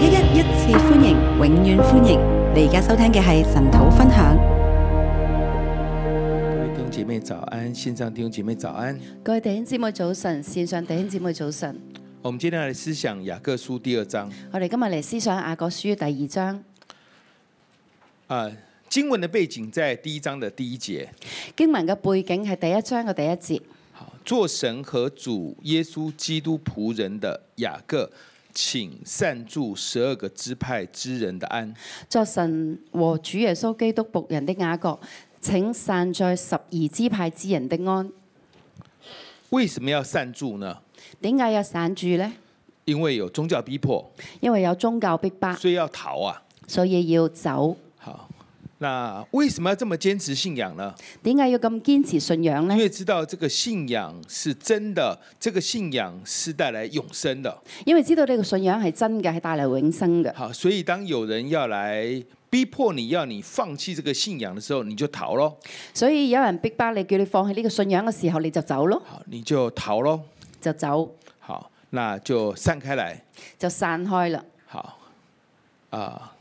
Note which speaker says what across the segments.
Speaker 1: 一一一
Speaker 2: 次歡迎，永遠歡迎！你而家收聽嘅係晨禱
Speaker 1: 分享。各位弟兄姐妹早安，線上弟兄姐妹早安。
Speaker 3: 各位弟兄姊妹早晨，線上弟兄姊妹早晨。
Speaker 1: 我們接下來思想雅各書第二章。
Speaker 3: 我哋今日嚟思想雅各書第二章。
Speaker 1: 啊，經文嘅背景在第一章的第一節。
Speaker 3: 經文嘅背景係第一章嘅第一節。
Speaker 1: 好，做神和主耶穌基督僕人的雅各。.請散住十二個支派之人的安。
Speaker 3: 作神和主耶穌基督僕人的雅各，請散在十二支派之人的安。
Speaker 1: 為什麼要散住呢？
Speaker 3: 點解要散住呢？
Speaker 1: 因為有宗教逼迫，
Speaker 3: 因為有宗教逼迫，所
Speaker 1: 以要逃啊，
Speaker 3: 所以要走。
Speaker 1: 那為什麼要這麼堅持信仰呢？點解要咁堅持信仰呢？因為知道這個信仰是真的，這個信仰是帶來永生的。因為知道呢個信仰係真嘅，
Speaker 3: 係帶來永生嘅。
Speaker 1: 好，所以當有人要來逼迫你要你放棄這個信仰的時候，你就逃咯。
Speaker 3: 所以有人逼迫你，叫你放棄呢個信仰嘅時候，你就走
Speaker 1: 咯。好，你就逃咯，就走。好，那就散開來，就
Speaker 3: 散開了。
Speaker 1: 好，啊、呃。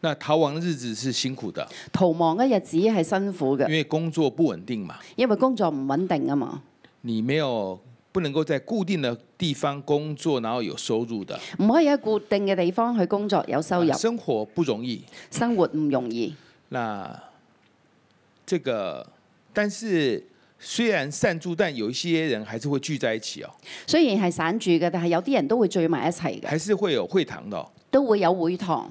Speaker 1: 那逃亡日子是辛苦的。
Speaker 3: 逃亡嘅日子係辛苦嘅。因
Speaker 1: 為工作不穩定嘛。
Speaker 3: 因為工作唔穩定啊嘛。
Speaker 1: 你沒有不能夠在固定嘅地方工作，然後有收入的。
Speaker 3: 唔可以喺固定嘅地方去工作有收入。
Speaker 1: 生活不容易。生活唔容易。那這個，但是雖然散住，但有一些人還是會聚在一起哦。
Speaker 3: 雖然係散住嘅，但係有啲人都會聚埋一齊嘅。
Speaker 1: 還是會有會堂咯。
Speaker 3: 都會有會堂。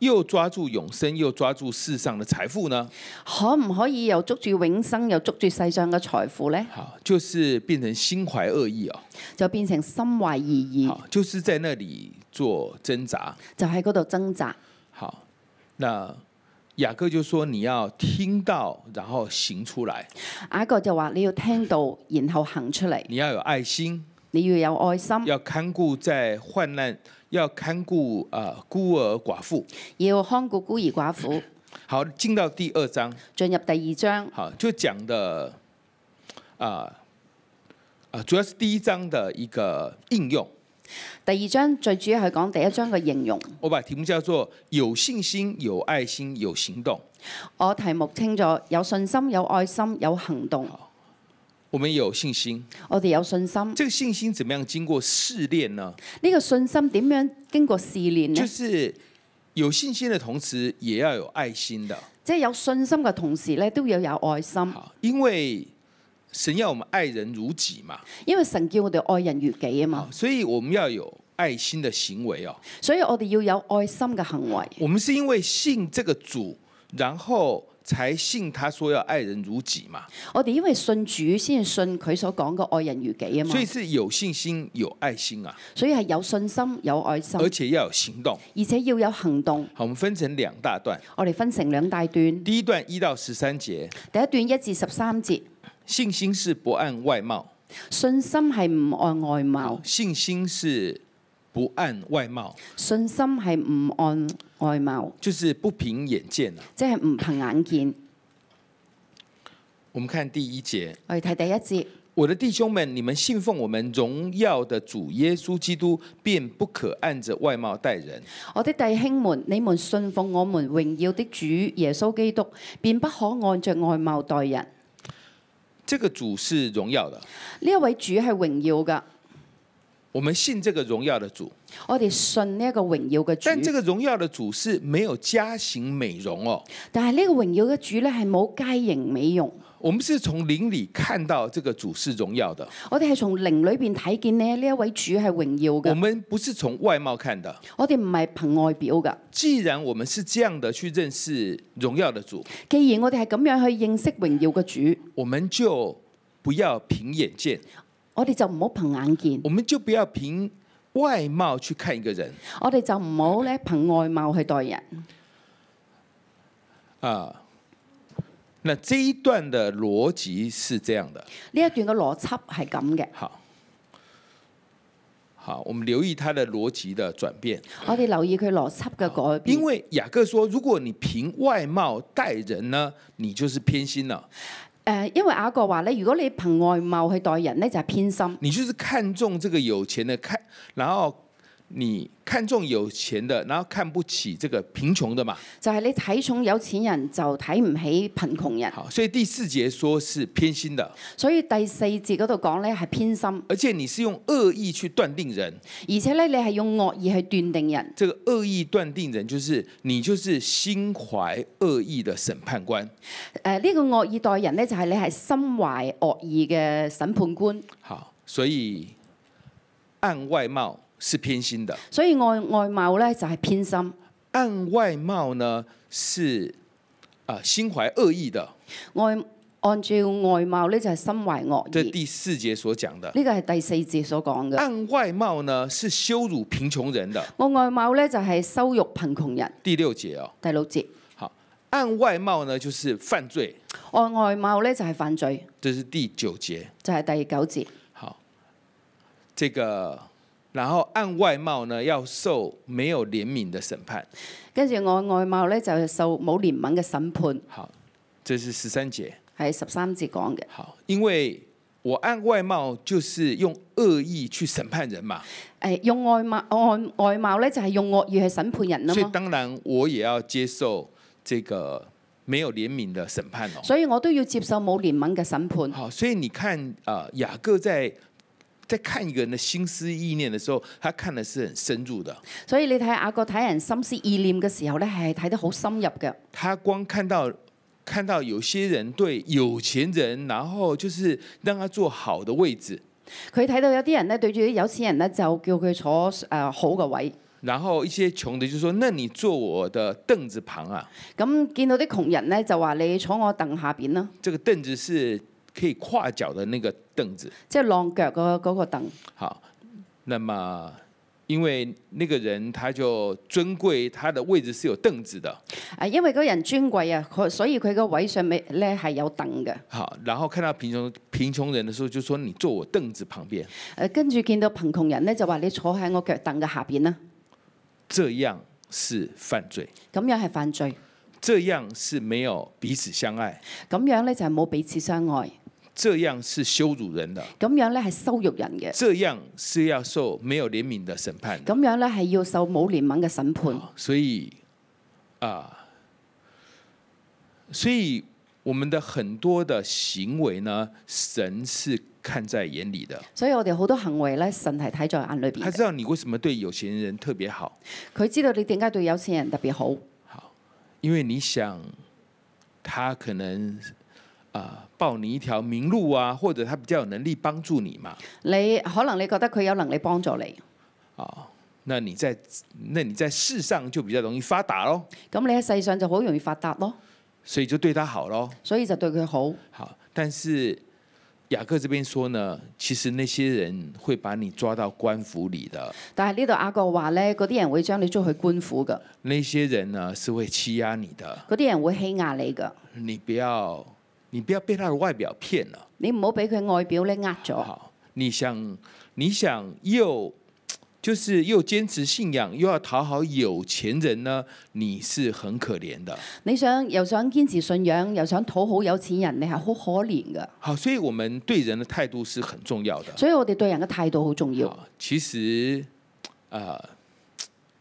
Speaker 1: 又抓住永生，又抓住世上的財富呢？
Speaker 3: 可唔可以又捉住永生，又捉住世上嘅財富呢？好，
Speaker 1: 就是變成心懷惡意哦，就變成心懷異意，就是在那裡做掙扎，
Speaker 3: 就喺嗰度掙扎。
Speaker 1: 好，那雅各就說你要聽到，然後行出來。雅各就話你要聽到，然後行出嚟。你要有愛心，你要有愛心，要看顧在患難。要看顧啊孤兒寡婦，要看顧孤兒寡婦。好，進到第二章，進入第二章，好，就講的啊、呃、主要是第一章的一個應用。第二章最主要係講第一章嘅應用。我把題目叫做有信心、有愛心、有行動。
Speaker 3: 我題目聽咗，有信心、有愛心、有行動。我們有
Speaker 1: 信心，我哋有信心。這個信心怎麼樣經過試煉呢？呢
Speaker 3: 個信心點樣經過試煉呢？就
Speaker 1: 是有信心的同時，也要有愛心的。
Speaker 3: 即係有信心嘅同時咧，都要有愛心。好，
Speaker 1: 因為神要我們愛人如己嘛。因為神叫我哋愛人如己啊嘛，所以我們要有愛心的行為哦。所以我哋要有愛心嘅行為。我們是因為信這個主，然後。才信他說要愛人如己嘛？我哋因為信主，先信佢所講嘅愛人如己啊嘛。所以是有信心，有愛心啊。所以係有信心，有愛心，而且要有行動，而且要有行動。好，我們分成兩大段。我哋分成兩大段，第一段一到十三節，第一段一至十三節。信心是不按外貌，信心係唔按外貌，信心是。不按
Speaker 3: 外貌，信心係唔按外貌，就是不憑眼見啊，即係唔
Speaker 1: 憑眼見。我們看第一節，我哋睇第一節。我的弟兄們，你們信奉我們榮耀的主耶穌基督，便不可按着外貌待人。
Speaker 3: 我的弟兄們，你們信奉我們榮耀的主耶穌基督，便不可按着外貌待人。
Speaker 1: 這個主是榮耀的，
Speaker 3: 呢一位主係榮耀嘅。
Speaker 1: 我們信這個榮耀的主，我哋信呢一個榮耀嘅主，但這個榮耀的主是沒有佳形美容哦。但係呢個榮耀嘅主咧，係冇佳形美容。我們是從靈裏看到這個主是榮耀的。
Speaker 3: 我哋係從靈裏邊睇見呢一位主係榮耀嘅。我
Speaker 1: 們不是從外貌看的，
Speaker 3: 我哋唔係憑外表㗎。
Speaker 1: 既然我們是這樣的去認識榮耀的主，既然我哋係咁樣去認識榮耀嘅主，我們就不要憑眼見。我哋就唔好憑眼見，我們就不要憑外貌去看一個人。
Speaker 3: 我哋就唔好咧憑外貌去待人。
Speaker 1: 啊，那這一段的邏輯是這樣的。呢一段嘅邏輯係咁嘅。好，好，我們留意佢邏輯嘅轉變。我哋留意佢邏輯嘅改變。因為雅各說，如果你憑外貌待人呢，你就是偏心啦。
Speaker 3: 誒，因為阿哥話咧，如果你憑外貌去待人咧，就係、是、偏心。
Speaker 1: 你就是看中這個有錢的，看，然後。你看重有錢的，然後看不起這個貧窮的嘛？
Speaker 3: 就係你睇重有錢人，就睇唔起貧窮人。好，
Speaker 1: 所以第四節說是偏心的。
Speaker 3: 所以第四節嗰度講咧係偏心，
Speaker 1: 而且你是用惡意去斷定人，而且咧你係用惡意去斷定人。這個惡意斷定人，就是你就是心懷惡意的審判官。
Speaker 3: 誒，呢個惡意待人咧，就係你係心懷惡意嘅審
Speaker 1: 判官。好，所以按外貌。是偏心的，所
Speaker 3: 以外外貌呢就係、是、偏心。
Speaker 1: 按外貌呢，是、
Speaker 3: 呃、心懷惡意的。
Speaker 1: 按按照
Speaker 3: 外貌呢，就係、是、心懷惡
Speaker 1: 意。第四節所講的，呢、
Speaker 3: 這個係第四節所講嘅。按
Speaker 1: 外貌呢，是羞辱貧窮人的、就是人
Speaker 3: 哦。按外貌呢，就係羞辱貧窮人。
Speaker 1: 第六節哦，
Speaker 3: 第六節。
Speaker 1: 好，按外貌呢就是犯罪。
Speaker 3: 按外貌呢，就係犯罪。
Speaker 1: 這是第九節，
Speaker 3: 就係、是、第九節。
Speaker 1: 好，這個。然後按外貌呢，要受沒有憐憫的審判。
Speaker 3: 跟住我外貌咧，就受冇憐憫嘅審判。
Speaker 1: 好，這是十三節。
Speaker 3: 係十三節講嘅。好，
Speaker 1: 因為我按外貌，就是用惡意去審判人嘛。誒、欸，用外貌、外
Speaker 3: 外貌咧，就係、是、用惡意去審判人啊嘛。所以
Speaker 1: 當然，我也要接受這個沒有憐憫的審判咯、哦。所以我都要接受
Speaker 3: 冇憐憫嘅審判。
Speaker 1: 好，所以你看啊、呃，雅各在。在看一個人的心思意念的時候，他看的是很深入的。
Speaker 3: 所以你睇阿國睇人心思意念嘅時候咧，係睇得好深入嘅。
Speaker 1: 他光看到看到有些人對有錢人，然後就是讓他坐好的位置。
Speaker 3: 佢睇到有啲人咧對住啲有錢人咧，就叫佢坐誒、呃、好嘅位。
Speaker 1: 然後一些窮的就說：那你坐我的凳子旁啊。咁見到啲窮人咧，就話你坐我凳下邊啦。這個凳子是。可以跨腳的那個凳子，
Speaker 3: 即係晾腳嗰嗰個凳。
Speaker 1: 好，那麼因為那個人他就尊貴，他的位置是有凳子的。
Speaker 3: 啊，因為嗰人尊貴啊，所以佢個位上面咧係有凳嘅。
Speaker 1: 好，然後看到貧窮貧窮人的時候，就說你坐我凳子旁邊。
Speaker 3: 誒，跟住見到貧窮人咧，就話你坐喺我腳凳嘅下邊啦。
Speaker 1: 這樣是犯罪，咁樣係犯罪。這樣是沒有彼此相愛，咁樣咧就係冇彼此相愛。這樣是羞辱人的，咁樣呢係羞辱人嘅。這樣是要受沒有憐憫的審判的，咁樣呢係要受冇憐
Speaker 3: 憫嘅審判。
Speaker 1: 所以，啊，所以我們的很多的行為呢，神是看在眼裏的。
Speaker 3: 所以我哋好多行為呢，神係睇在眼裏邊。他
Speaker 1: 知道你為什麼對有錢人特別好，
Speaker 3: 佢知道你點解對有錢人特別好。好，
Speaker 1: 因為你想，他可能。啊，報你一條明路啊，或者他比較有能力幫助你嘛？
Speaker 3: 你可能你覺得佢有能力幫助你，
Speaker 1: 哦，那你在那你在世上就比較容易發達咯。咁你喺世上就好容易發達咯，所以就對他好咯。所以就對佢好好。但是雅各這邊說呢，其實那些人會把你抓到官府裏的。
Speaker 3: 但係呢度雅各話呢，嗰啲人會將你捉去官府嘅。
Speaker 1: 那些人呢，是會欺壓你的。
Speaker 3: 嗰啲人會欺壓
Speaker 1: 你嘅。你不要。你不要被他的外表騙了！你唔好俾佢外表咧呃咗。好，你想你想又就是又堅持信仰又要討好有錢人呢？你是很可憐的。
Speaker 3: 你想又想堅持信仰又想討好有錢人，你係好可憐㗎。
Speaker 1: 好，所以，我們對人的態度是很重要的。所以我
Speaker 3: 哋對人嘅態度好重要。
Speaker 1: 好，其實，啊、呃。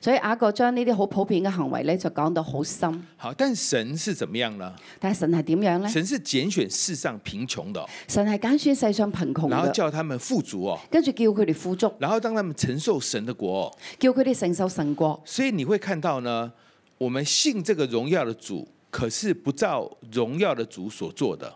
Speaker 3: 所以雅各將呢啲好普遍嘅行為咧，就講到好深。
Speaker 1: 好，但神是怎麼樣呢？但神係點樣咧？神是揀選世上貧窮嘅。神係揀選世上貧窮。然後叫他們富足哦。跟住叫佢哋富足。然後當他們承受神的國，叫佢哋承受神國。所以你會看到呢，我們信這個榮耀的主，可是不照榮耀的主所做的。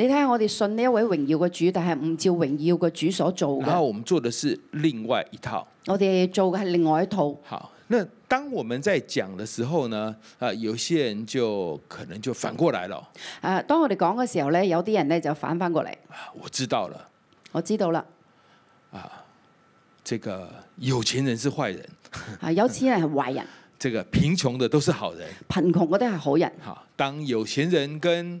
Speaker 3: 你睇下我哋信呢一位榮耀嘅主，但係唔照榮耀嘅主所做。然後我
Speaker 1: 們做的是另外一套。
Speaker 3: 我哋做嘅係另外一套。
Speaker 1: 好，那當我們在講嘅時候呢？啊，有些人就可能就反過來了。
Speaker 3: 誒，當我哋講嘅時候咧，有啲人咧就反翻過嚟，啊。
Speaker 1: 我知道了，我知道啦。啊，這個有錢人是壞人。
Speaker 3: 啊，有錢人係壞人，
Speaker 1: 這個貧窮的都是好人。
Speaker 3: 貧窮嘅都係好人。
Speaker 1: 好，當有錢人跟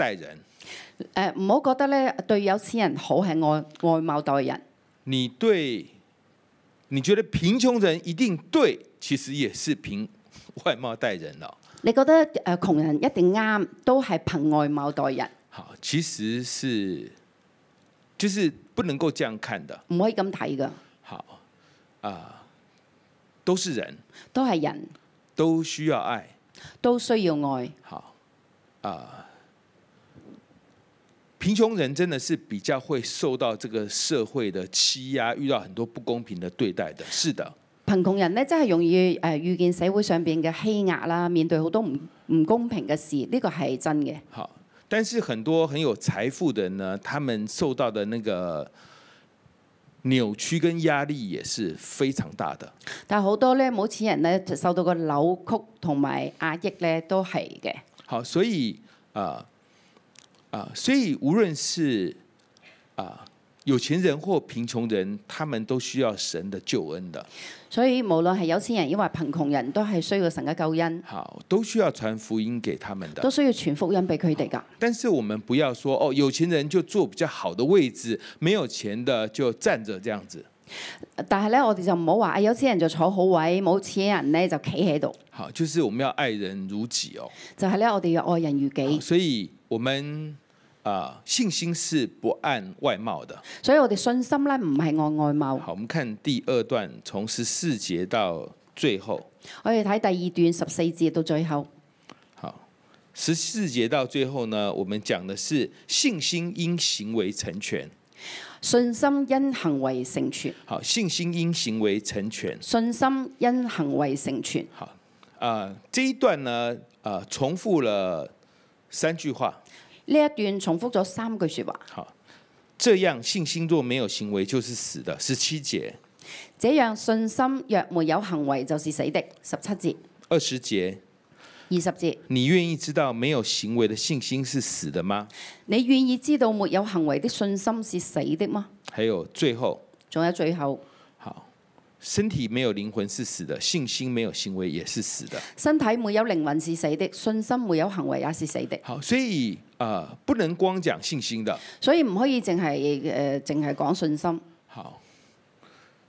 Speaker 1: 待人
Speaker 3: 誒，唔好覺得咧對有錢人好係憑外貌待人。
Speaker 1: 你對，你覺得貧窮人一定對，其實也是憑外貌待人咯。
Speaker 3: 你覺得誒窮人一定啱，都係憑外貌待人。
Speaker 1: 好，其實是，就是不能夠這樣看的，
Speaker 3: 唔可以咁睇嘅。
Speaker 1: 好啊，都是人，都係人都需要愛，
Speaker 3: 都需要愛。
Speaker 1: 好啊。貧窮人真的是比較會受到這個社會的欺壓，遇到很多不公平的對待的。是的，
Speaker 3: 貧窮人呢，真係容易誒、呃、遇見社會上邊嘅欺壓啦，面對好多唔唔公平嘅事，呢、呢個係真嘅。
Speaker 1: 好，但是很多很有財富嘅人呢，他們受到嘅那個扭曲跟壓力也是非常大嘅。
Speaker 3: 但好多呢，有錢人呢，受到嘅扭曲同埋壓抑呢，都係嘅。
Speaker 1: 好，所以啊。呃啊、uh，所以無論是啊、uh, 有錢人或貧窮人，他們都需要神的救恩的。
Speaker 3: 所以無論係有錢人，因為貧窮人都係需要神嘅救恩，
Speaker 1: 好都需要傳福音給他們的，的都需
Speaker 3: 要傳福音俾佢哋㗎。
Speaker 1: 但是我們不要說哦，有錢人就坐比較好的位置，沒有錢的就站着這樣子。
Speaker 3: 但係咧，我哋就唔好話啊，有錢人就坐好位，冇錢人呢就企喺度。
Speaker 1: 好，就是我們要愛人如己哦。
Speaker 3: 就係呢，我哋要愛人如己，
Speaker 1: 所以。我們啊、呃、信心是不按外貌的，所以我哋信心呢唔係按外貌。好，我們看第二段，從十四節到最後。我
Speaker 3: 哋睇第二段十四節到最後。
Speaker 1: 好，十四節到最後呢，我們講的是信心因行為成全，信心因行為成全。好，信心因行為成全，信心因行為成全。好，啊、呃，這一段呢，啊、呃，重複了。三句話。呢一段重複咗三句說話。好，這樣信心若沒有行為就是死的，十七節。
Speaker 3: 這樣信心若沒有行為就是死的，十七
Speaker 1: 節。二十節。二十節。你願意知道沒有行為的信心是死的嗎？
Speaker 3: 你願意知道沒有行為的信心是死的嗎？
Speaker 1: 還有最後。仲有最後。身體沒有靈魂是死的，信心沒有行為也是死的。
Speaker 3: 身體沒有靈魂是死的，信心沒有行為也是死的。好，
Speaker 1: 所以、呃、不能光講信心的。
Speaker 3: 所以唔可以淨係誒，淨係、呃、講信心。
Speaker 1: 好，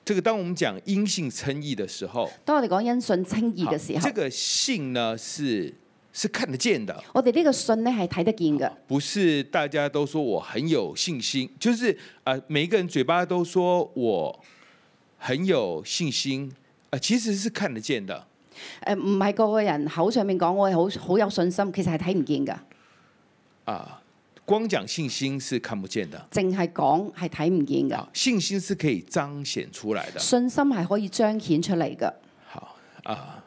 Speaker 1: 這個當我們講因信稱義的時候，
Speaker 3: 當我哋講因信稱義嘅時候，這個
Speaker 1: 信呢，是是看得見的。我哋呢個信呢係睇得見嘅，不是大家都說我很有信心，就是、呃、每一個人嘴巴都說我。很有信心，誒，其實是看得見的。
Speaker 3: 誒、呃，唔係個個人口上面講，我好好有信心，其實係睇唔見㗎。啊，
Speaker 1: 光講信心是看不見的。淨係
Speaker 3: 講係睇唔見㗎。信心
Speaker 1: 是可以彰顯出來的。信
Speaker 3: 心係可以彰顯出嚟嘅。
Speaker 1: 好啊，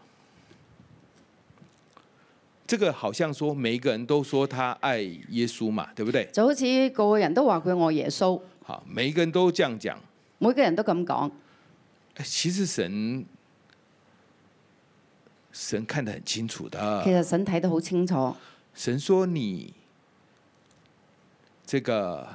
Speaker 1: 這個好像說每一個人都說他愛耶穌嘛，對不對？就好似個個人都話佢愛耶穌。好，每一個人都這樣講。每個人都咁講。其實神神看得很清楚的，其實神睇得好清楚。神說你這個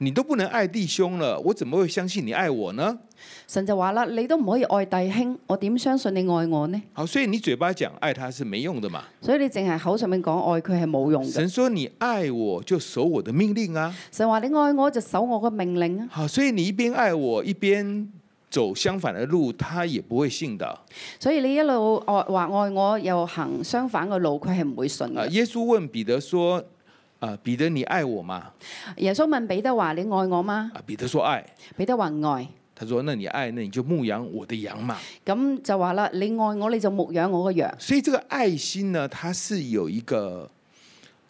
Speaker 1: 你都不能愛弟兄了，我怎麼會相信你愛我呢？
Speaker 3: 神就話啦，你都唔可以愛弟兄，我點相信你愛我呢？
Speaker 1: 好，所以你嘴巴講愛他是沒用的嘛。
Speaker 3: 所以你淨係口上面講愛佢係冇用嘅。神
Speaker 1: 說你愛我就守我的命令啊。神話你愛我就
Speaker 3: 守我嘅命令啊。
Speaker 1: 好，所以你一邊愛我一邊。走相反的路，他也不會信的。所以你一路愛話
Speaker 3: 愛我，又行相反嘅路，佢係唔會信
Speaker 1: 嘅。耶穌問彼得說：，啊、呃，彼得，你愛我嗎？
Speaker 3: 耶穌問彼得話：，你愛我嗎？啊，
Speaker 1: 彼得說愛。
Speaker 3: 彼得話愛。
Speaker 1: 他說：，那你愛，那你就牧養我的羊嘛。
Speaker 3: 咁就話啦，你愛我，你就牧
Speaker 1: 養我個羊。所以這個愛心呢，它是有一個。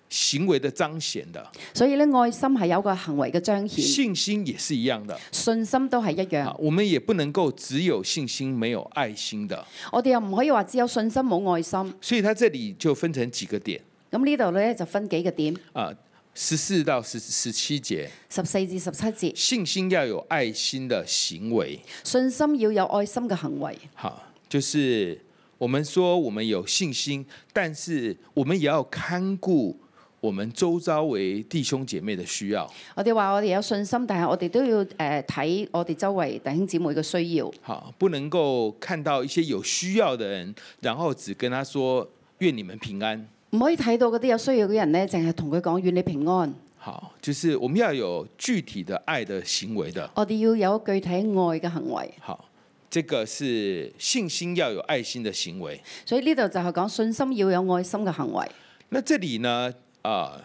Speaker 1: 行為的彰顯的，所以咧愛心係有個行為嘅彰顯，信心也是一樣的，信
Speaker 3: 心都係一樣。
Speaker 1: 我們也不能夠只有信心沒有愛心的，我哋又唔可以話只
Speaker 3: 有信心冇愛心。
Speaker 1: 所以佢這裏就分成幾個點，咁呢度咧就分幾個點，啊，十四到十十七節，十四至十七節，信心要有愛心嘅行為，
Speaker 3: 信心要有愛心嘅行為，
Speaker 1: 好，就是我們說我們有信心，但是我們也要看顧。我們周遭為弟兄姐妹的需要，
Speaker 3: 我哋話我哋有信心，但係我哋都要誒睇、呃、我哋周圍弟兄姊妹嘅需要。
Speaker 1: 好，不能夠看到一些有需要的人，然後只跟他說願你們平安。
Speaker 3: 唔可以睇到嗰啲有需要嘅人呢，淨係同佢講願你平安。
Speaker 1: 好，就是我們要有具體嘅愛的行為的。我
Speaker 3: 哋要有具體愛嘅行為。
Speaker 1: 好，這個是信心要有愛心的行為。
Speaker 3: 所以呢度就係講信心要有愛心嘅行為。
Speaker 1: 那這裏呢？啊，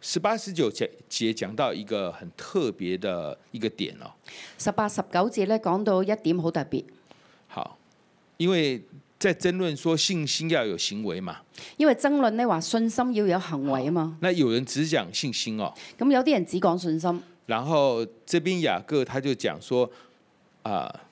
Speaker 1: 十八十九節講到一個很特別的一個點咯、哦。
Speaker 3: 十八十九節咧講到一點好特別。
Speaker 1: 好，因為在爭論說信心要有行為嘛。
Speaker 3: 因為爭論呢話信心要有行為啊嘛。Oh,
Speaker 1: 那有人只講信心哦。
Speaker 3: 咁有啲人只講信心。
Speaker 1: 然後這邊雅各他就講說，啊、uh,。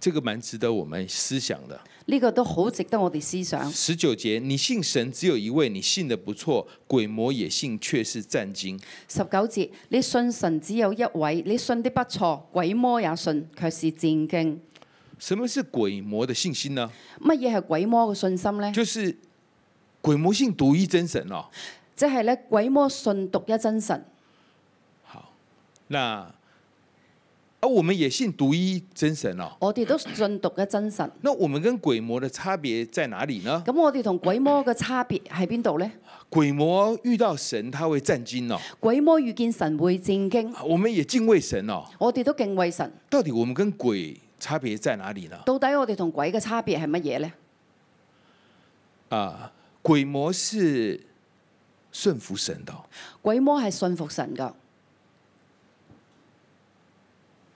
Speaker 1: 這個蠻值得我們思想的，
Speaker 3: 呢個都好值得我哋思
Speaker 1: 想。十九節，你信神只有一位，你信的不錯，鬼魔也信，卻是戰驚。
Speaker 3: 十九節，你信神只有一位，你信的不錯，鬼魔也信，
Speaker 1: 卻是戰驚。什麼是鬼魔的信心呢？乜嘢係鬼魔嘅信心呢？就是鬼魔信獨一真神咯，
Speaker 3: 哦，即係咧鬼魔信獨一真神。
Speaker 1: 好，那。我們也信獨一真神哦，我哋都信獨一真神。那我們跟鬼魔的差別在哪裏呢？咁我哋同鬼魔嘅差別喺邊度咧？鬼魔遇到神，他會戰驚咯、哦。鬼魔遇見神會戰驚。我們也敬畏神咯、哦，我哋都敬畏神。到底我們跟鬼差別在哪裏呢？
Speaker 3: 到底我哋同鬼嘅差別係乜嘢咧？
Speaker 1: 啊，鬼魔是信服神的，
Speaker 3: 鬼魔係信服神噶。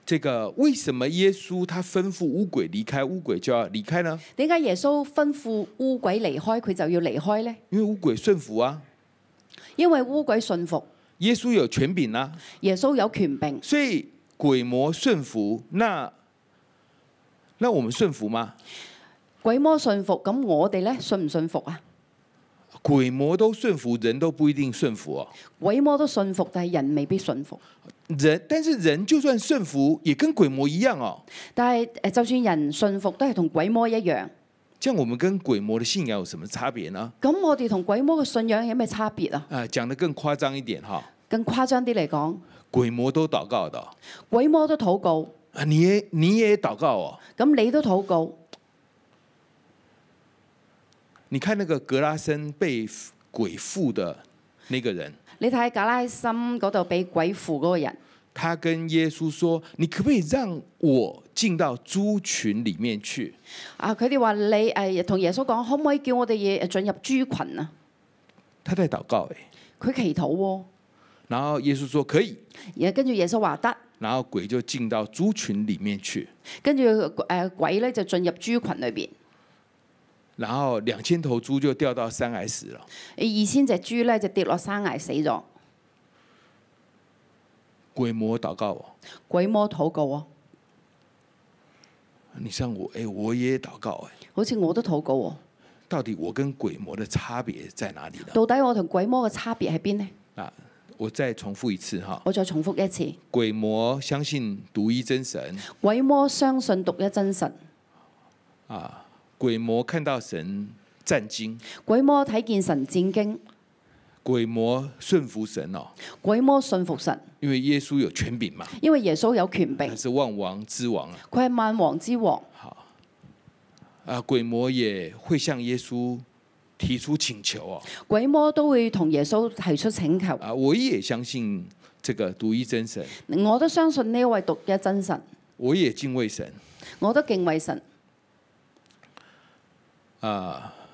Speaker 1: 這個為什麼耶穌他吩咐污鬼離開，污鬼就要離開呢？
Speaker 3: 點解耶穌吩咐污鬼離開，佢就要離開呢？
Speaker 1: 因為污鬼順服啊，
Speaker 3: 因為污鬼順
Speaker 1: 服，耶穌有權柄啊！耶穌有權柄，所以鬼魔順服，那那我們順服嗎？鬼魔順服，咁我
Speaker 3: 哋呢？順唔順服啊？
Speaker 1: 鬼魔都順服，人都不一定順服哦。鬼魔都順服，但係人未必順服。人，但是人就算順服，也跟鬼魔一樣哦。但係誒，就算人順服，都係同鬼魔一樣。咁我們跟鬼魔嘅信仰有什麼差別呢？
Speaker 3: 咁我哋同鬼魔嘅信仰有咩差別啊？
Speaker 1: 誒，講得更誇張一點哈。
Speaker 3: 更誇張啲嚟講，
Speaker 1: 鬼魔都禱告的，
Speaker 3: 鬼魔都禱告。
Speaker 1: 啊，你也、哦、你也禱告，
Speaker 3: 咁你都禱告。
Speaker 1: 你看那個格拉森被鬼附的那個人，
Speaker 3: 你睇格拉森嗰度俾鬼附嗰個人，
Speaker 1: 他跟耶穌說：你可唔可以讓我進到豬群裏面去？
Speaker 3: 啊，佢哋話你誒，同耶穌講可唔可以叫我哋嘢進入豬群啊？
Speaker 1: 他在禱告誒，佢祈禱，然後耶穌說可以，然後跟住耶穌話得，然後鬼就進到豬群裏面去，
Speaker 3: 跟住誒鬼咧就進入豬群裏邊。
Speaker 1: 然後兩千頭豬就掉到山崖死了。二千隻豬咧就跌落山崖死咗。鬼魔禱告喎。
Speaker 3: 鬼魔禱告啊。
Speaker 1: 你像我，哎，我也禱告哎。好似我都禱告喎。到底我跟鬼魔的差別在哪裏呢？
Speaker 3: 到底我同鬼魔嘅差別喺邊呢？
Speaker 1: 啊，我再重複一次哈。我再重複一次。鬼魔相信獨一真神。
Speaker 3: 鬼魔相信獨一真神。
Speaker 1: 啊。鬼魔看到神戰驚，鬼魔睇見神戰驚，鬼魔信服神哦，鬼魔信服神，因為耶穌有權柄嘛，因為耶穌有權柄，他是萬王之王啊，佢係萬王之王，好，啊鬼魔也會向耶穌提出請求哦，
Speaker 3: 鬼魔都會同耶穌提出請求，啊，我
Speaker 1: 也相信這個獨一真神，
Speaker 3: 我都相信呢位獨一真神，
Speaker 1: 我也敬畏神，
Speaker 3: 我都敬畏神。
Speaker 1: 啊、uh,！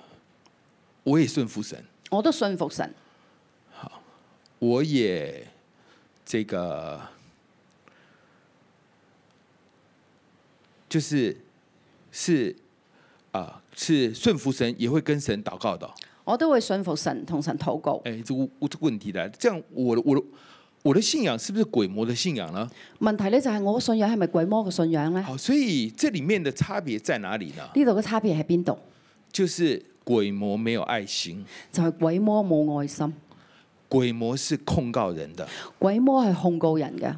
Speaker 1: 我也信服神，
Speaker 3: 我都信服神。
Speaker 1: 好，我也這個就是是啊，是順、uh, 服神，也會跟神禱告的。我都會信服神，同神禱告。誒、欸，這我我問題啦，這樣我我我的信仰是不是鬼魔的信仰呢？
Speaker 3: 問題呢就係我的信仰
Speaker 1: 係咪鬼魔嘅信仰呢？好，所以這裏面的差別在哪裏呢？裡的裡呢度
Speaker 3: 嘅差別喺邊度？
Speaker 1: 就是鬼魔沒有愛心，就係、是、鬼魔冇愛心。鬼魔是控告人的，
Speaker 3: 鬼魔係控告人嘅。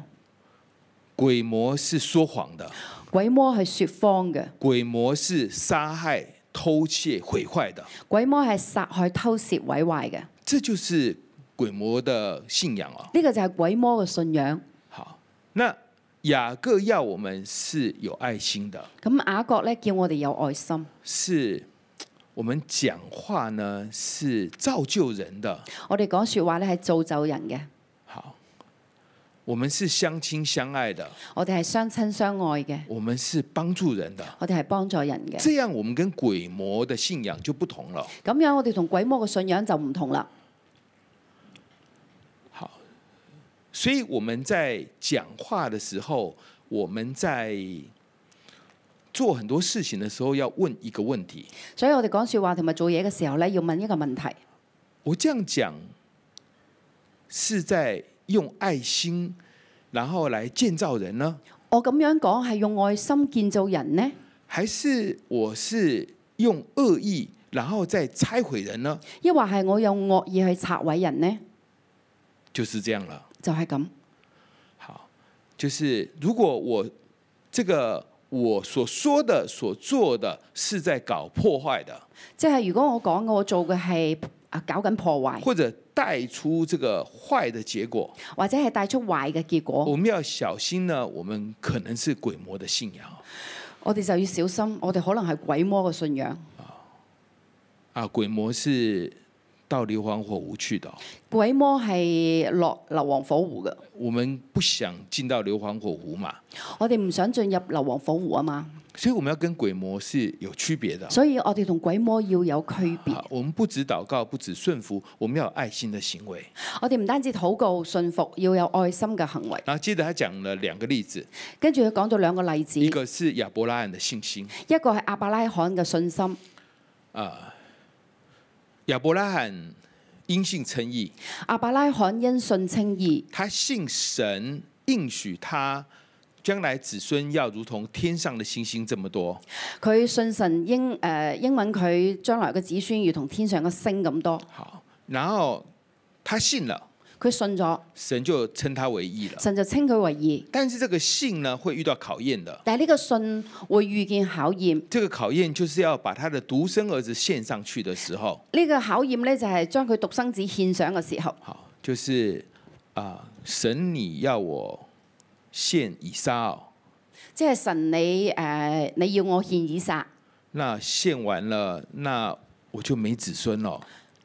Speaker 1: 鬼魔是說謊的，
Speaker 3: 鬼魔係說謊嘅。
Speaker 1: 鬼魔是殺害、偷竊、毀壞的，
Speaker 3: 鬼魔係殺害、偷竊、毀壞嘅。
Speaker 1: 這就是鬼魔的信仰啊！呢、
Speaker 3: 這個就係鬼魔嘅信仰。好，
Speaker 1: 那雅各要我們是有愛心的，咁雅
Speaker 3: 各咧叫我哋有愛心，
Speaker 1: 是。我們講話呢，是造就人的。我哋講說話
Speaker 3: 呢，係造就人嘅。
Speaker 1: 好，我們是相親相愛的。我哋係相親相愛嘅。我們是幫助人的。我哋係幫助人嘅。這樣，我們跟鬼魔的信仰就不同了。
Speaker 3: 咁樣，我哋同鬼魔嘅信仰就唔同了。
Speaker 1: 好，所以我們在講話的時候，我們在。做很多事情的時候要問一個問題，
Speaker 3: 所以我哋講說話同埋
Speaker 1: 做嘢嘅時候咧，要問一個問題。我這樣講，是在用愛心，然後來建造人呢？我咁樣講係用愛心建造人呢，還是我是用惡意，然後再拆毀人呢？
Speaker 3: 抑或係我用惡意去拆毀人呢？
Speaker 1: 就是這樣啦，
Speaker 3: 就係咁。
Speaker 1: 好，就是如果我這個。我所說的、所做的，是在搞破壞的。即係如
Speaker 3: 果我講我做嘅係搞緊破壞，或
Speaker 1: 者帶出這個壞的結果，或者係帶出壞嘅結果。我們要小心呢，我們可能是鬼魔的信仰。
Speaker 3: 我哋就要小心，我哋可能係鬼魔嘅信仰。
Speaker 1: 啊，鬼魔是。到硫磺火湖去的鬼魔係落硫磺火湖嘅，我們不想進到硫磺火湖嘛？
Speaker 3: 我哋唔想進入
Speaker 1: 硫磺火湖啊嘛。所以我們要跟鬼魔是有區別的。所以
Speaker 3: 我哋同鬼魔要有
Speaker 1: 區別。啊，我們不止禱告，不止順服，我們要有愛心的行為。
Speaker 3: 我哋唔單止禱告、順服，要有愛心嘅行為。
Speaker 1: 然後接着他講了兩個例子，
Speaker 3: 跟住佢講咗兩個例
Speaker 1: 子，一個是亞伯，伯拉罕的信心，
Speaker 3: 一個係阿伯拉罕嘅信心
Speaker 1: 啊。亞伯拉罕因信稱義。阿伯拉罕因信稱義。他信神應許他將來子孫要如同天上的星星這麼多。
Speaker 3: 佢信神英誒、呃、英文佢將來嘅子孫如同天上嘅星咁多。好，
Speaker 1: 然後他信了。佢信咗，神就稱他為義了。神就稱佢為義，但是這個信呢，會遇到考驗的。但係呢個信會遇見考驗。這個考驗就是要把他的獨生兒子獻上去的時候。
Speaker 3: 呢、這個考驗呢，就係將佢獨生子獻上嘅時候。好，
Speaker 1: 就是啊，神你要我獻以撒。即、
Speaker 3: 就、係、是、神你誒，你要我獻以撒。
Speaker 1: 那獻完了，那我就沒子孫咯。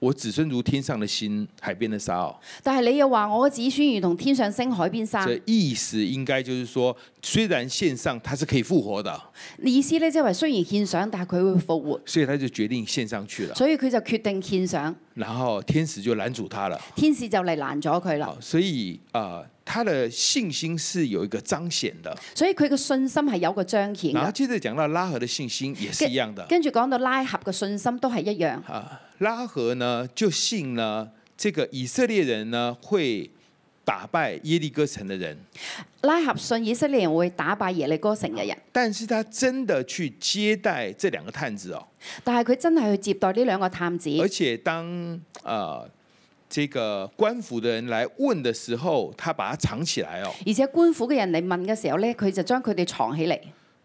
Speaker 1: 我子孫如天上的星，海邊的沙。
Speaker 3: 但係你又話我子孫如同天上星，海邊沙。這
Speaker 1: 意思應該就是說，雖然獻上，它是可以復活的。
Speaker 3: 意思咧即係話，雖然獻上，但係佢會
Speaker 1: 復活。所以他就決定獻上去了。所
Speaker 3: 以佢就決定獻
Speaker 1: 上。然後天使就攔住他了。
Speaker 3: 天使就嚟攔咗佢啦。
Speaker 1: 所以啊、呃，他的信心是有一個彰顯的。
Speaker 3: 所以佢嘅信心係有一個彰顯。然後
Speaker 1: 接着講到拉合的信心也是一樣的。跟
Speaker 3: 住講到拉合嘅信心都係一樣。
Speaker 1: 啊。拉合呢就信呢這個以色列人呢會打敗耶利哥城的人。
Speaker 3: 拉合信以色列人會打敗耶利哥城嘅人，人，人。但是他真的
Speaker 1: 去接待這兩個探子哦。
Speaker 3: 但係佢真係去接待呢兩個探子。
Speaker 1: 而且當啊、呃，這個官府的人來問的時候，他把他藏起來哦。
Speaker 3: 而且官府嘅人嚟問嘅時候咧，佢就將佢哋藏起嚟。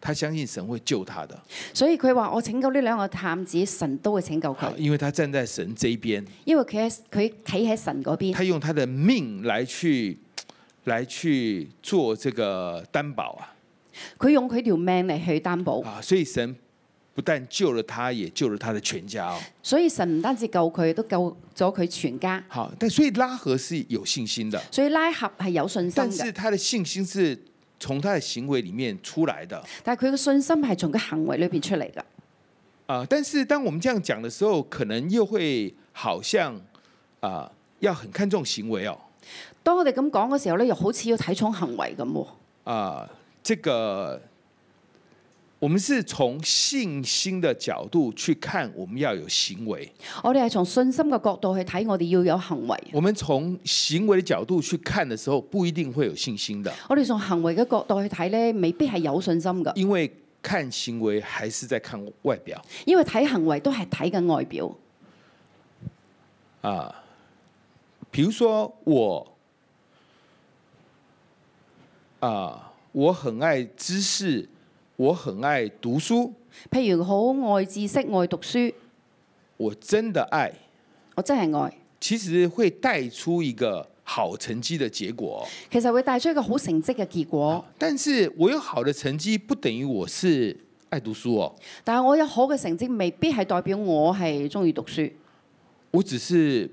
Speaker 1: 他相信神會救他的，所
Speaker 3: 以佢話我拯救呢兩個探子，神都會拯救佢，
Speaker 1: 因為他站在神這邊，
Speaker 3: 因為佢喺佢企喺神嗰邊，他
Speaker 1: 用他的命來去來去做這個擔保啊，
Speaker 3: 佢用佢條命嚟去擔保，
Speaker 1: 所以神不但救了他，也救了他的全家哦。所
Speaker 3: 以神唔單止救佢，都救咗佢
Speaker 1: 全家。好，但所以拉合是有信心的，所以拉合係有信心，但是他的信心是。從他的行為裏面出來的，但係佢嘅信心係從佢行為裏邊出嚟嘅。啊，但是當我們這樣講嘅時候，可能又會好像啊、呃，要很看重行為哦。
Speaker 3: 當我哋咁講嘅時候咧，又好似要睇重行為
Speaker 1: 咁。啊、呃，這個。我們是從信心的角度去看，我們要有行為。我哋係從信心嘅角度去睇，我哋要有行為。我們從行為嘅角度去看嘅時候，不一定會有信心嘅。我哋從行為嘅角度去睇呢，未必係有信心嘅。因為看行為，還是在看外表。
Speaker 3: 因為睇行為都係睇緊外表。
Speaker 1: 啊，譬如說我，啊，我很愛知識。我很愛讀書，譬如好愛知識、愛讀書。我真的愛，我真係愛。其實會帶出一個好成績的結果，
Speaker 3: 其實會帶出一個好成
Speaker 1: 績嘅結果。但是我有好嘅成績，不等於我是愛讀書哦。但係我有好嘅成績，未
Speaker 3: 必係代表我係中意讀書。
Speaker 1: 我只是，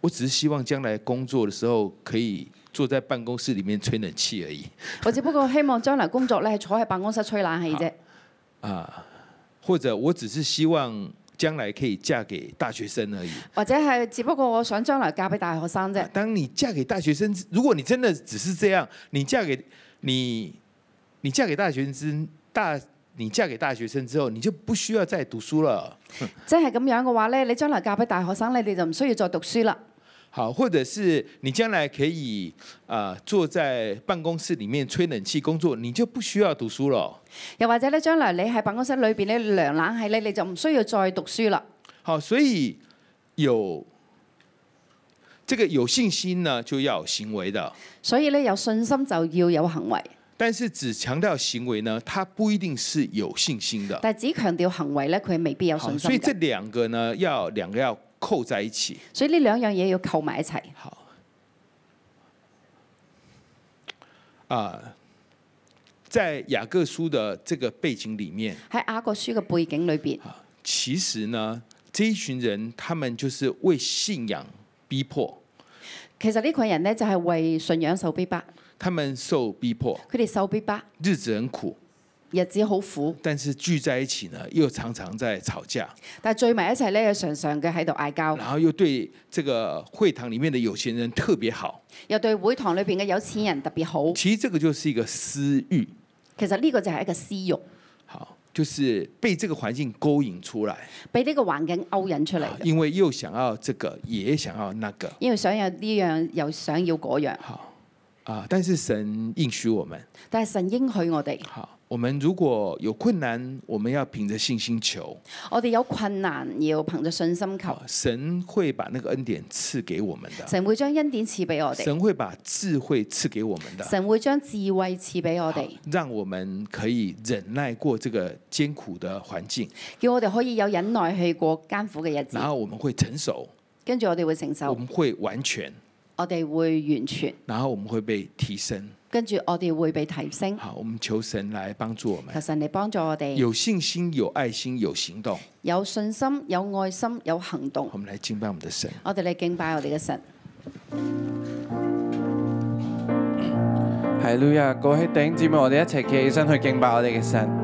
Speaker 1: 我只是希望將來工作嘅時候可以。坐在辦公室裏面吹冷氣而已。
Speaker 3: 我只不過希望將來工作呢，咧，坐喺辦公室吹冷氣啫、
Speaker 1: 啊。啊，或者我只是希望將來可以嫁給大學生而已。
Speaker 3: 或者係只不過我想將來嫁俾大學生啫、
Speaker 1: 啊。當你嫁給大學生，如果你真的只是這樣，你嫁給你，你嫁給大學生之大，你嫁給大學生之後，你就不需要再讀書了。
Speaker 3: 即係咁樣嘅話呢，你將來嫁俾大學生，你哋就唔需要再讀書啦。
Speaker 1: 好，或者是你將來可以、呃、坐在辦公室裏面吹冷氣工作，你就不需要讀書了。
Speaker 3: 又或者呢，將來你喺辦公室裏邊呢，涼冷氣呢，你就唔需要再讀書了。
Speaker 1: 好，所以有這個有信心呢，就要有行為的。所以呢，
Speaker 3: 有信心就要有行為。
Speaker 1: 但是只強調行為呢，他不一定是有信心的。
Speaker 3: 但只強調行為呢，佢未必有信心。所以
Speaker 1: 這兩個呢，要兩個要。扣在一起，
Speaker 3: 所以呢兩樣嘢要扣埋一齊。好，
Speaker 1: 啊，uh，在雅各書的這個背景裏面，
Speaker 3: 喺雅各書嘅背景裏邊，
Speaker 1: 其實呢，這一群人，他們就是為信仰逼迫。
Speaker 3: 其實呢群人呢，就係為信仰受逼迫，
Speaker 1: 他們受逼迫，佢哋受逼迫，日子很苦。日子好苦，但是聚在一起呢，又常常在吵架。
Speaker 3: 但係聚埋一齊呢，又常常嘅喺度嗌交。然
Speaker 1: 後又對這個會堂裏面的有錢人特別好，
Speaker 3: 又對會堂裏邊嘅有錢人特別好。
Speaker 1: 其實這個就是一個私欲，
Speaker 3: 其實呢個就係一個私欲，
Speaker 1: 好，就是被這個環境勾引出來，
Speaker 3: 被呢個環境勾引出嚟，
Speaker 1: 因為又想要這個，也想要那個，
Speaker 3: 因為想要呢樣又想要嗰樣。
Speaker 1: 啊！但是神應許我們，
Speaker 3: 但係神應許我哋。
Speaker 1: 我們如果有困難，我們要憑着信心求。我哋有困難要憑着信心求。神會把那個恩典賜給我們的，
Speaker 3: 神會將恩典賜俾我哋。神
Speaker 1: 會把智慧賜給我們的，神
Speaker 3: 會將智慧賜俾我哋，
Speaker 1: 讓我們可以忍耐過這個艱苦的環境，叫我哋可以
Speaker 3: 有忍耐去過艱苦嘅日子。然
Speaker 1: 後我們會成熟，跟住
Speaker 3: 我哋會承受。我們會
Speaker 1: 完全。我哋會
Speaker 3: 完全，然
Speaker 1: 後我們會被提升，
Speaker 3: 跟住我哋會被提升。好，我們求神來幫助我們，求神嚟幫助我哋。有
Speaker 1: 信心、有愛心、有行動。
Speaker 3: 有信心、有愛心、有行動。我們來敬拜我們的神，我哋嚟敬拜我哋嘅神。
Speaker 4: 係，Lily，過去頂，姊妹，我哋一齊企起身去敬拜我哋嘅神。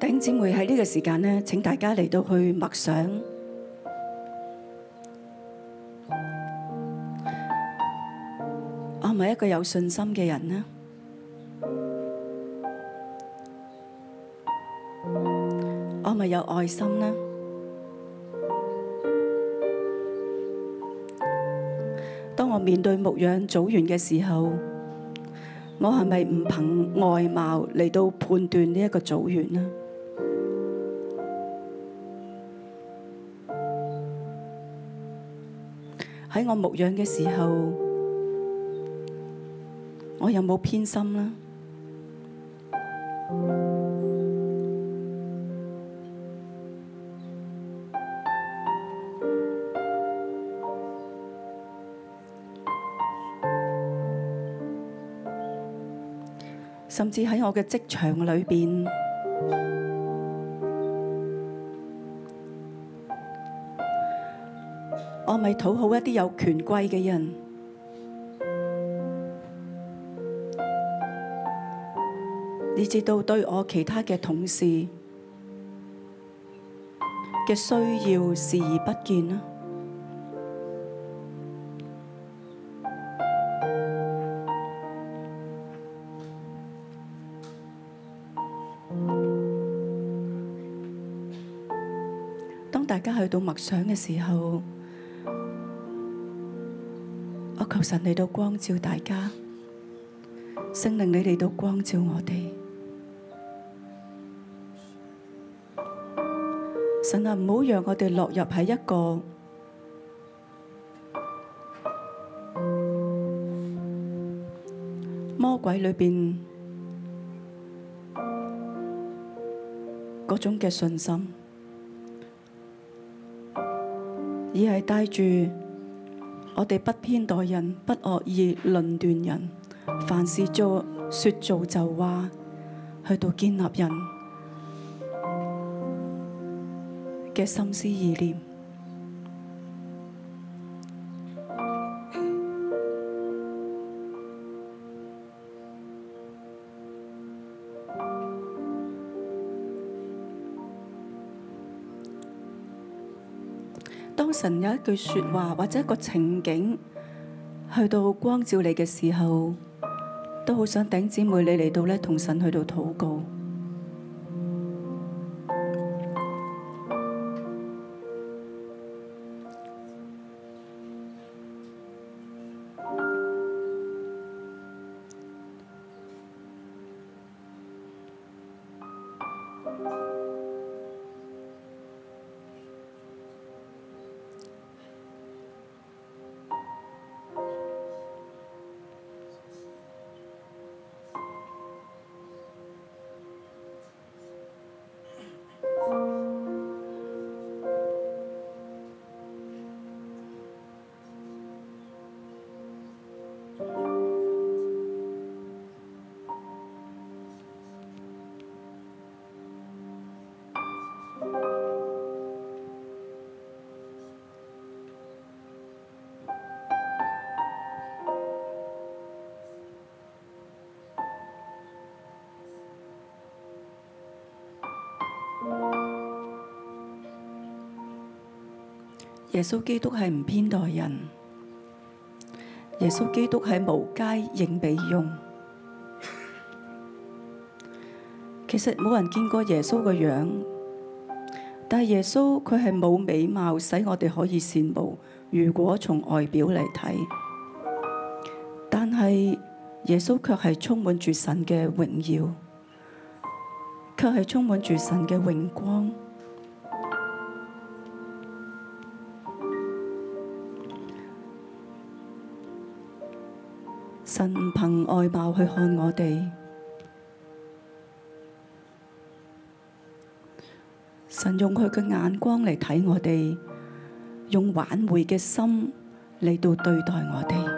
Speaker 2: 頂姊妹喺呢個時間咧，請大家嚟到去默想：我係咪一個有信心嘅人呢？我係咪有愛心呢？當我面對牧養組員嘅時候，我係咪唔憑外貌嚟到判斷呢一個組員呢？喺我牧養嘅時候，我有冇偏心？甚至喺我嘅職場裏邊。係討好一啲有權貴嘅人，以至到對我其他嘅同事嘅需要視而不見啦。當大家去到默想嘅時候。神嚟到光照大家，聖靈你嚟到光照我哋，神啊唔好讓我哋落入喺一個魔鬼裏邊嗰種嘅信心，而係帶住。我哋不偏待人，不惡意論斷人，凡事做，說做就話，去到建立人嘅心思意念。神有一句說話或者一個情景，去到光照你嘅時候，都好想頂姊妹，妹你嚟到呢，同神去到禱告。耶穌基督係唔偏待人，耶穌基督係無佳形美容。其實冇人見過耶穌個樣，但係耶穌佢係冇美貌使我哋可以羨慕。如果從外表嚟睇，但係耶穌卻係充滿住神嘅榮耀，卻係充滿住神嘅榮光。神唔憑外貌去看我哋，神用佢嘅眼光嚟睇我哋，用挽回嘅心嚟到對待我哋。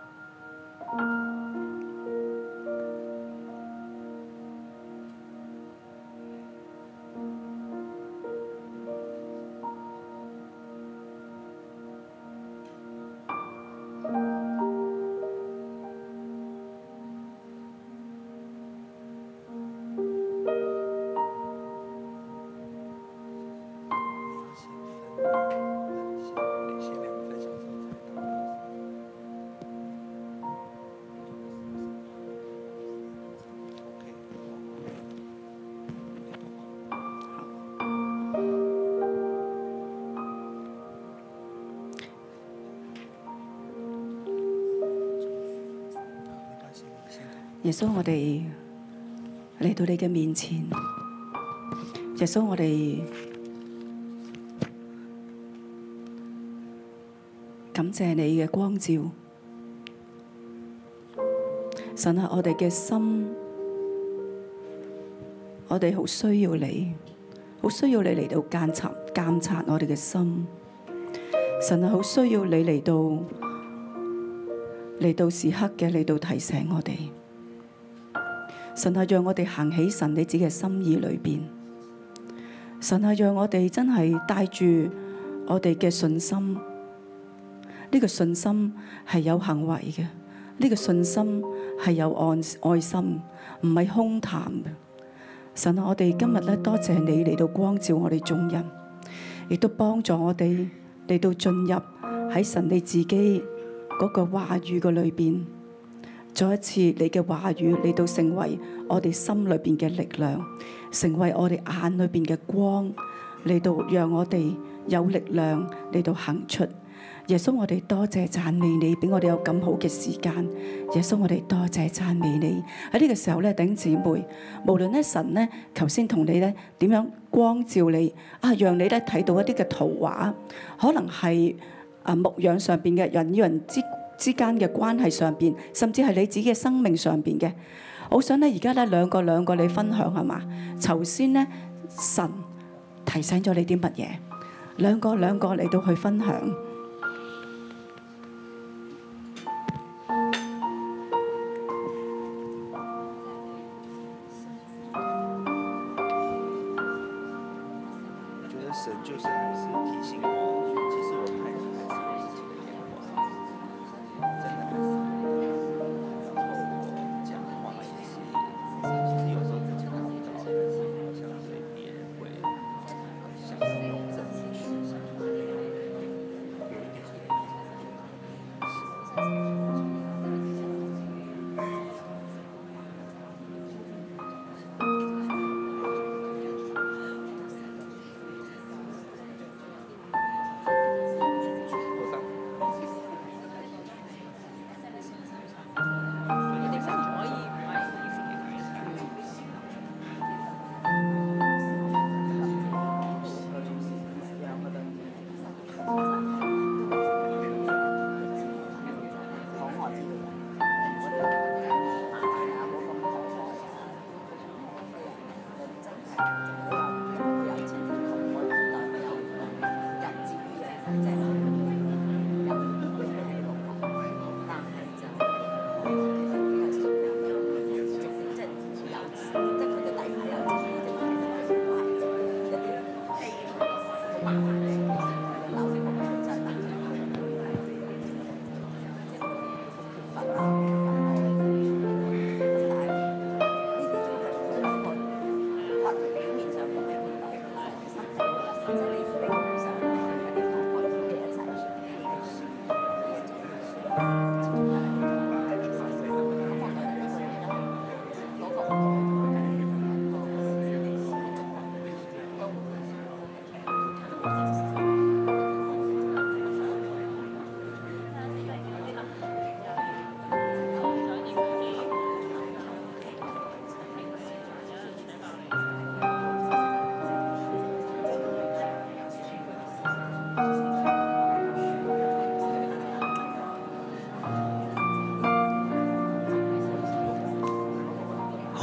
Speaker 2: 耶穌，我哋嚟到你嘅面前。耶穌，我哋感謝你嘅光照。神係，我哋嘅心，我哋好需要你，好需要你嚟到監察監察我哋嘅心。神係，好需要你嚟到嚟到時刻嘅嚟到提醒我哋。神啊，讓我哋行起神你自己嘅心意裏邊。神啊，讓我哋真係帶住我哋嘅信心。呢個信心係有行為嘅，呢個信心係有愛愛心，唔係空談嘅。神啊，我哋今日咧多謝你嚟到光照我哋眾人，亦都幫助我哋嚟到進入喺神你自己嗰個話語嘅裏邊。再一次，你嘅話語嚟到成為我哋心裏邊嘅力量，成為我哋眼裏邊嘅光，嚟到讓我哋有力量嚟到行出。耶穌，我哋多謝讚美你，俾我哋有咁好嘅時間。耶穌，我哋多謝讚美你。喺呢個時候咧，弟兄姊妹，無論咧神咧，頭先同你咧點樣光照你啊，讓你咧睇到一啲嘅圖畫，可能係啊牧養上邊嘅人與人之。之間嘅關係上邊，甚至係你自己嘅生命上邊嘅，我想咧而家咧兩個兩個你分享係嘛？頭先咧神提醒咗你啲乜嘢，兩個兩個你都去分享。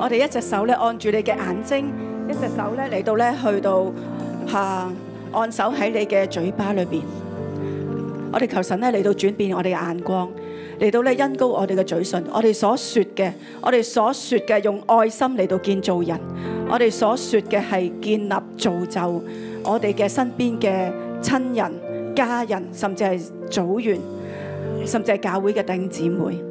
Speaker 2: 我哋一隻手按住你嘅眼睛，一隻手嚟到去到、啊、按手喺你嘅嘴巴裏面。我哋求神咧嚟到轉變我哋嘅眼光，嚟到咧因高我哋嘅嘴唇。我哋所説嘅，我哋所説嘅用愛心嚟到建造人。我哋所説嘅係建立造就我哋嘅身邊嘅親人、家人，甚至係組員，甚至係教會嘅弟兄姊妹。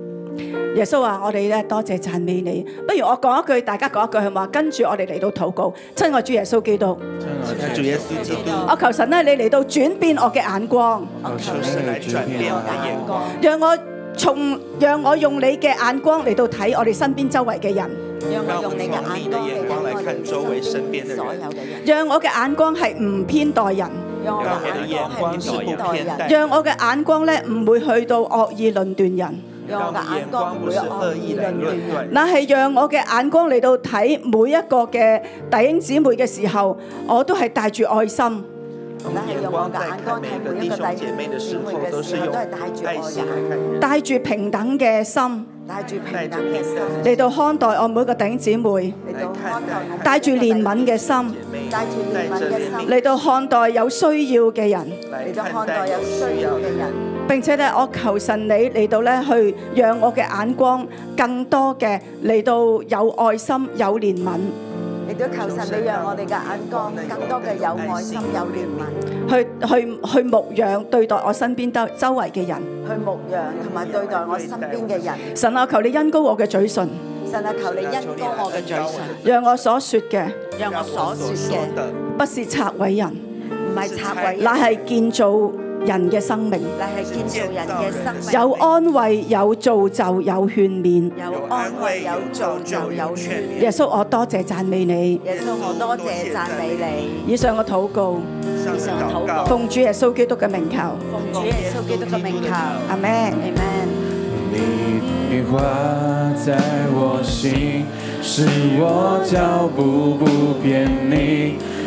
Speaker 2: 耶穌啊，我哋咧多謝讚美你，不如我講一句，大家講一句係嘛？跟住我哋嚟到禱告，親愛主耶穌基督，
Speaker 5: 親愛主耶穌基督，
Speaker 2: 我求神咧，你嚟到轉變我嘅眼光，
Speaker 5: 我求神嚟轉變我嘅眼光，
Speaker 2: 讓我從讓我用你嘅眼光嚟到睇我哋身邊周圍嘅人，
Speaker 5: 讓我用你嘅眼光嚟睇周圍身邊嘅人，
Speaker 2: 讓我嘅眼光係唔偏待人，
Speaker 5: 讓我嘅眼光係唔偏待人，
Speaker 2: 讓我嘅眼光咧唔會去到惡意論斷人。
Speaker 5: 讓我
Speaker 6: 嘅
Speaker 2: 眼光每一個二人，那係讓我嘅眼光嚟到睇每一個嘅弟兄姊妹嘅時候，我都係帶住愛心。
Speaker 5: 咁係用我嘅眼光睇每一個弟兄姊妹嘅時候，都係帶住愛心，
Speaker 2: 帶住平等嘅心，
Speaker 5: 帶住平等嘅心嚟
Speaker 2: 到看待我每個弟兄姊妹，嚟到看待我。帶住憐憫嘅心，帶住憐憫嘅心嚟到看待有需要嘅人，嚟到看待有需要嘅人。並且咧，我求神你嚟到咧，去讓我嘅眼光更多嘅嚟到有愛心有憐憫。亦都求神你讓我哋嘅眼光更多嘅有愛心有憐憫。去去去牧養對待我身邊周周圍嘅人。去牧養同埋對待我身邊嘅人。神啊，我求你恩膏我嘅嘴唇。神啊，求你恩膏我嘅嘴唇。讓我所說嘅。讓我所說嘅不是拆毀人，唔係拆毀人，乃係建造。人嘅生命，你係建造人嘅生命。有安慰，有造就，有勸勉。有安慰，有造就，有勸勉。耶穌，我多謝讚美你。耶穌，我多謝讚美你。以上嘅禱告，奉主耶穌基督嘅名求。
Speaker 4: 奉主耶穌基督嘅名求。阿門。阿門。